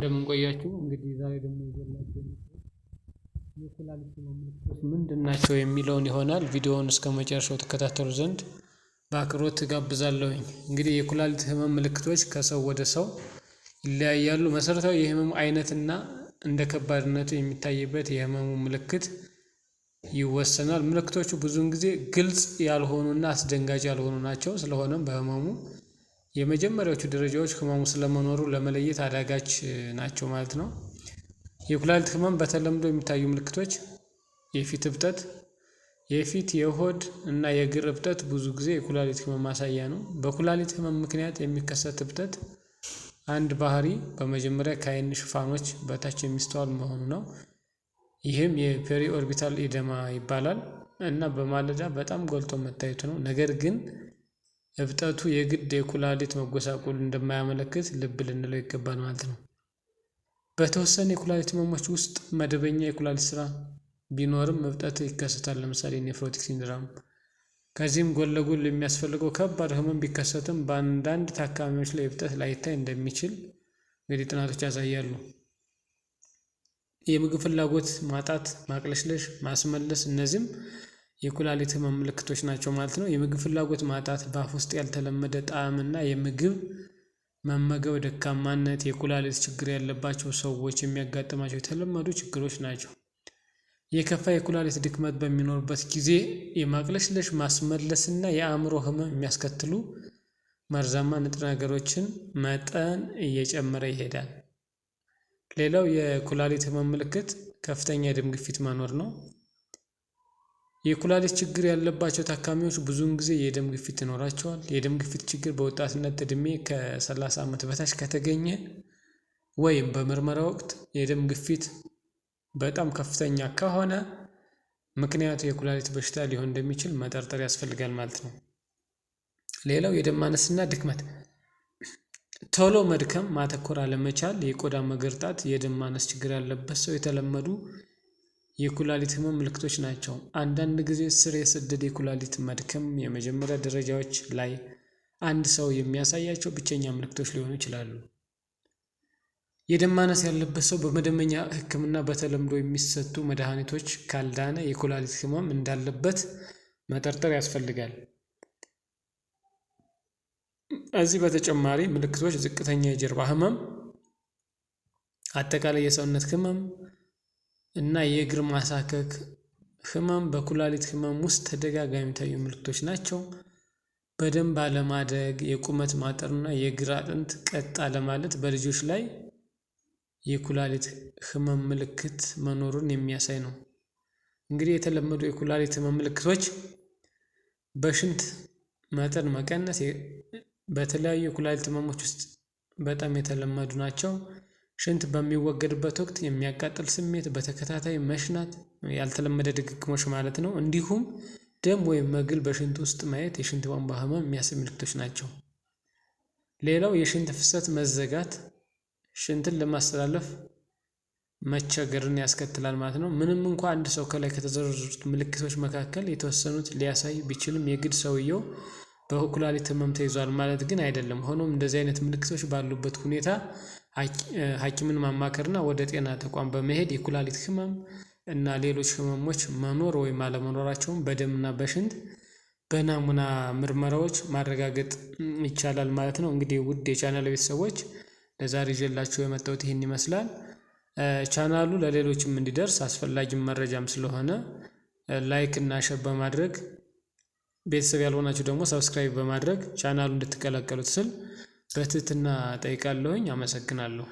እንደምንቆያችሁ እንግዲህ ዛሬ ደግሞ ይዘላችሁ የኩላሊት ህመም ምልክቶች ምንድን ናቸው የሚለውን ይሆናል። ቪዲዮውን እስከ መጨረሻው ተከታተሉ ዘንድ በአክብሮት ጋብዛለሁኝ። እንግዲህ የኩላሊት ህመም ምልክቶች ከሰው ወደ ሰው ይለያያሉ። መሰረታዊ የህመሙ አይነትና እንደ ከባድነቱ የሚታይበት የህመሙ ምልክት ይወሰናል። ምልክቶቹ ብዙውን ጊዜ ግልጽ ያልሆኑና አስደንጋጭ ያልሆኑ ናቸው። ስለሆነም በህመሙ የመጀመሪያዎቹ ደረጃዎች ህመሙ ስለመኖሩ ለመለየት አዳጋች ናቸው ማለት ነው። የኩላሊት ህመም በተለምዶ የሚታዩ ምልክቶች የፊት እብጠት፣ የፊት የሆድ እና የእግር እብጠት ብዙ ጊዜ የኩላሊት ህመም ማሳያ ነው። በኩላሊት ህመም ምክንያት የሚከሰት እብጠት አንድ ባህሪ በመጀመሪያ ከአይን ሽፋኖች በታች የሚስተዋል መሆኑ ነው። ይህም የፔሪ ኦርቢታል ኢደማ ይባላል እና በማለዳ በጣም ጎልቶ መታየቱ ነው። ነገር ግን እብጠቱ የግድ የኩላሊት መጎሳቆል እንደማያመለክት ልብ ልንለው ይገባል ማለት ነው። በተወሰነ የኩላሊት ህመሞች ውስጥ መደበኛ የኩላሊት ስራ ቢኖርም እብጠት ይከሰታል። ለምሳሌ ኔፍሮቲክ ሲንድራም። ከዚህም ጎን ለጎን የሚያስፈልገው ከባድ ህመም ቢከሰትም በአንዳንድ ታካሚዎች ላይ እብጠት ላይታይ እንደሚችል እንግዲህ ጥናቶች ያሳያሉ። የምግብ ፍላጎት ማጣት፣ ማቅለሽለሽ፣ ማስመለስ እነዚህም የኩላሊት ህመም ምልክቶች ናቸው ማለት ነው። የምግብ ፍላጎት ማጣት በአፍ ውስጥ ያልተለመደ ጣዕም እና የምግብ መመገብ ደካማነት የኩላሊት ችግር ያለባቸው ሰዎች የሚያጋጥማቸው የተለመዱ ችግሮች ናቸው። የከፋ የኩላሊት ድክመት በሚኖርበት ጊዜ የማቅለሽለሽ ና የአእምሮ ህመም የሚያስከትሉ መርዛማ ንጥረ ነገሮችን መጠን እየጨመረ ይሄዳል። ሌላው የኩላሊት ህመም ምልክት ከፍተኛ የደም ግፊት መኖር ነው የኩላሊት ችግር ያለባቸው ታካሚዎች ብዙውን ጊዜ የደም ግፊት ይኖራቸዋል የደም ግፊት ችግር በወጣትነት እድሜ ከ ከ30 ዓመት በታች ከተገኘ ወይም በምርመራ ወቅት የደም ግፊት በጣም ከፍተኛ ከሆነ ምክንያቱ የኩላሊት በሽታ ሊሆን እንደሚችል መጠርጠር ያስፈልጋል ማለት ነው። ሌላው የደም ማነስና ድክመት ቶሎ መድከም ማተኮር አለመቻል የቆዳ መገርጣት የደም ማነስ ችግር ያለበት ሰው የተለመዱ የኩላሊት ህመም ምልክቶች ናቸው። አንዳንድ ጊዜ ስር የሰደደ የኩላሊት መድከም የመጀመሪያ ደረጃዎች ላይ አንድ ሰው የሚያሳያቸው ብቸኛ ምልክቶች ሊሆኑ ይችላሉ። የደም ማነስ ያለበት ሰው በመደበኛ ህክምና በተለምዶ የሚሰጡ መድኃኒቶች ካልዳነ የኩላሊት ህመም እንዳለበት መጠርጠር ያስፈልጋል። እዚህ በተጨማሪ ምልክቶች ዝቅተኛ የጀርባ ህመም፣ አጠቃላይ የሰውነት ህመም እና የእግር ማሳከክ ህመም በኩላሊት ህመም ውስጥ ተደጋጋሚ የሚታዩ ምልክቶች ናቸው። በደንብ አለማደግ የቁመት ማጠር የእግር አጥንት ቀጥ አለማለት በልጆች ላይ የኩላሊት ህመም ምልክት መኖሩን የሚያሳይ ነው። እንግዲህ የተለመዱ የኩላሊት ህመም ምልክቶች በሽንት መጠን መቀነስ በተለያዩ የኩላሊት ህመሞች ውስጥ በጣም የተለመዱ ናቸው ሽንት በሚወገድበት ወቅት የሚያቃጥል ስሜት በተከታታይ መሽናት ያልተለመደ ድግግሞች ማለት ነው። እንዲሁም ደም ወይም መግል በሽንት ውስጥ ማየት የሽንት ቧንቧ ህመም የሚያሳይ ምልክቶች ናቸው። ሌላው የሽንት ፍሰት መዘጋት ሽንትን ለማስተላለፍ መቸገርን ያስከትላል ማለት ነው። ምንም እንኳ አንድ ሰው ከላይ ከተዘረዘሩት ምልክቶች መካከል የተወሰኑት ሊያሳይ ቢችልም የግድ ሰውየው በኩላሊት ህመም ተይዟል ማለት ግን አይደለም። ሆኖም እንደዚህ አይነት ምልክቶች ባሉበት ሁኔታ ሀኪምን ማማከርና ወደ ጤና ተቋም በመሄድ የኩላሊት ህመም እና ሌሎች ህመሞች መኖር ወይም አለመኖራቸውን በደምና በሽንት በናሙና ምርመራዎች ማረጋገጥ ይቻላል ማለት ነው። እንግዲህ ውድ የቻናል ቤተሰቦች ለዛሬ ይዤላችሁ የመጣሁት ይህን ይመስላል። ቻናሉ ለሌሎችም እንዲደርስ አስፈላጊም መረጃም ስለሆነ ላይክ እና ሸር በማድረግ ቤተሰብ ያልሆናችሁ ደግሞ ሰብስክራይብ በማድረግ ቻናሉ እንድትቀላቀሉት ስል በትህትና ጠይቃለሁኝ። አመሰግናለሁ